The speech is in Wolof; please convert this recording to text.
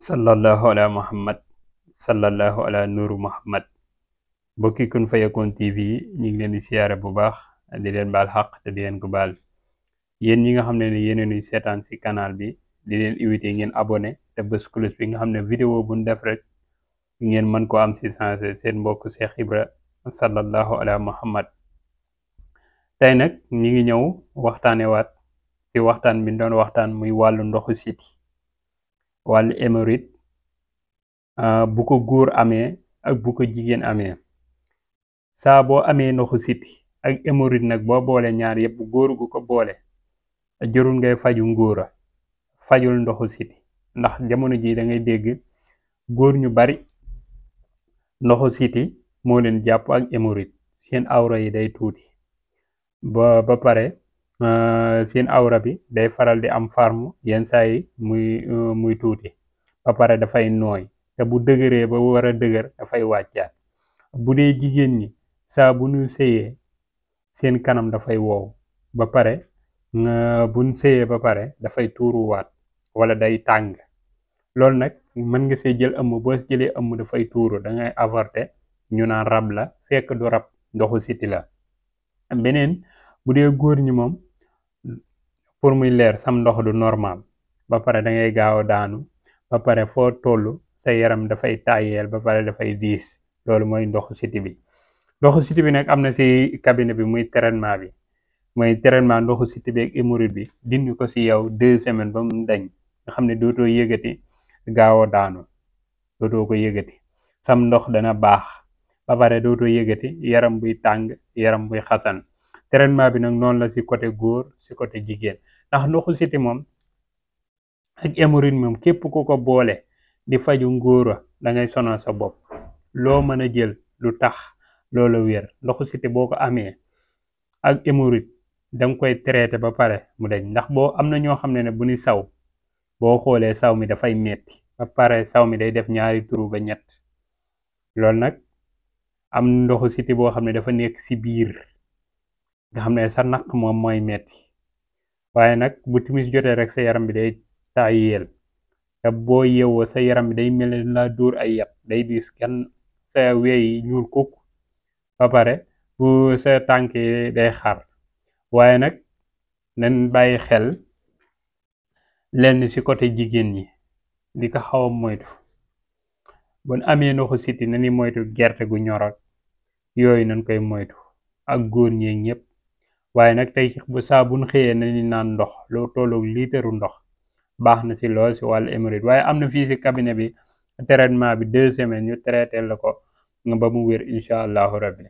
sallallahu ala muhammad sallallahu ala nuru muhammad mbokki Kun Fayakoun TV ñu ngi leen di siyaare bu baax di leen baal xaq te di leen ko baal yéen ñi nga xam ne ni yéen seetan seetaan ci canal bi di leen invité ngeen abonné te bés cloche bi nga xam ne vidéo bu ñu def rek ngeen mën koo am ci sensé seen mbokk Cheikh Ibra sallallahu ala muhammad tey nag ñi ngi ñëw waxtaane waat ci waxtaan bi doon waxtaan muy wàllu ndoxu siti wàllu hémorroïde euh, bu ko góor amee ak bu ko jigéen amee saa boo amee ndoxu siti ak hémorroïde nag boo boole ñaar yëpp góor gu ko boole jërul ngay faju ngóora fajul ndoxu siti ndax jamono ji dangay ngay dégg góor ñu bari ndoxu siti moo leen jàpp ak hémorroïde seen awra yi day tuuti ba ba Eh, seen awra bi day faral di am farme yenn saa yi muy eh, muy tuuti bapare dafay nooy te bu dëgëree ba war a dëgër dafay wàccaat bu dee jigéen ñi saa bu nu sëyee seen kanam dafay woow ba pare eh, buñ sëyee ba pare dafay tuuruwaat wala day tàng loolu nag mën nga see jël ëmb boo jëlee ëmb dafay tuuru da ngay avorter ñu naan rab la fekk du rab ndoxu siti la beneen bu dee góor ñi moom pour muy leer sam ndox du normal ba pare da ngay gaaw a daanu ba pare foo toll sa yaram dafay tàyyeel ba pare dafay diis loolu mooy ndoxu siti bi ndoxu siti bi nag am na si cabinet bi muy traitement bi mooy traitement ndoxu siti bi ak hémorroïde bi dindi ko si yow deux semaines ba mu dañ nga xam ne dootoo yëgati gaaw a daanu dootoo ko yëgati sam ndox dana baax ba pare dootoo yëgati yaram buy tàng yaram buy xasan traitement bi nag noonu la si côté góor si côté jigéen ndax ndoxu siti moom ak hémorroïde moom képp ku ko boole di faju ngóora da ngay sonal sa bopp loo mën a jël lu tax loola wér ndoxu siti boo ko amee ak hémorroïde da koy traité ba pare mu deñ ndax boo am na ñoo xam ne ne bu ni saw boo xoolee saw mi dafay metti ba pare saw mi day def ñaari turu ba ñett loolu nag am ndoxu siti boo xam ne dafa nekk si biir nga xam ne sa naq moom mooy metti waaye nag bu timis jotee rek sa yaram bi day tàyyeel te boo yeewoo sa yaram bi day mel ni la dóor ay yàpp day diis ken sa wey yi ñuul kukk ba pare bu sa tànk day xar waaye nag nañ bàyyi xel lenn ci côté jigéen ñi di ko xaw a moytu bon ame ndoxu siti nañu moytu gerte gu ñor yooyu nañ koy moytu ak góor ñeeg ñëpp. waaye nag tey saa bu nu xëyee nañu naan ndox loo tolloog liitaru ndox baax na si lool si wàllu hémorroïde waaye am na fii si cabinet bi traitement bi deux semaines ñu traité la ko nga ba mu wér incha allahu rabbi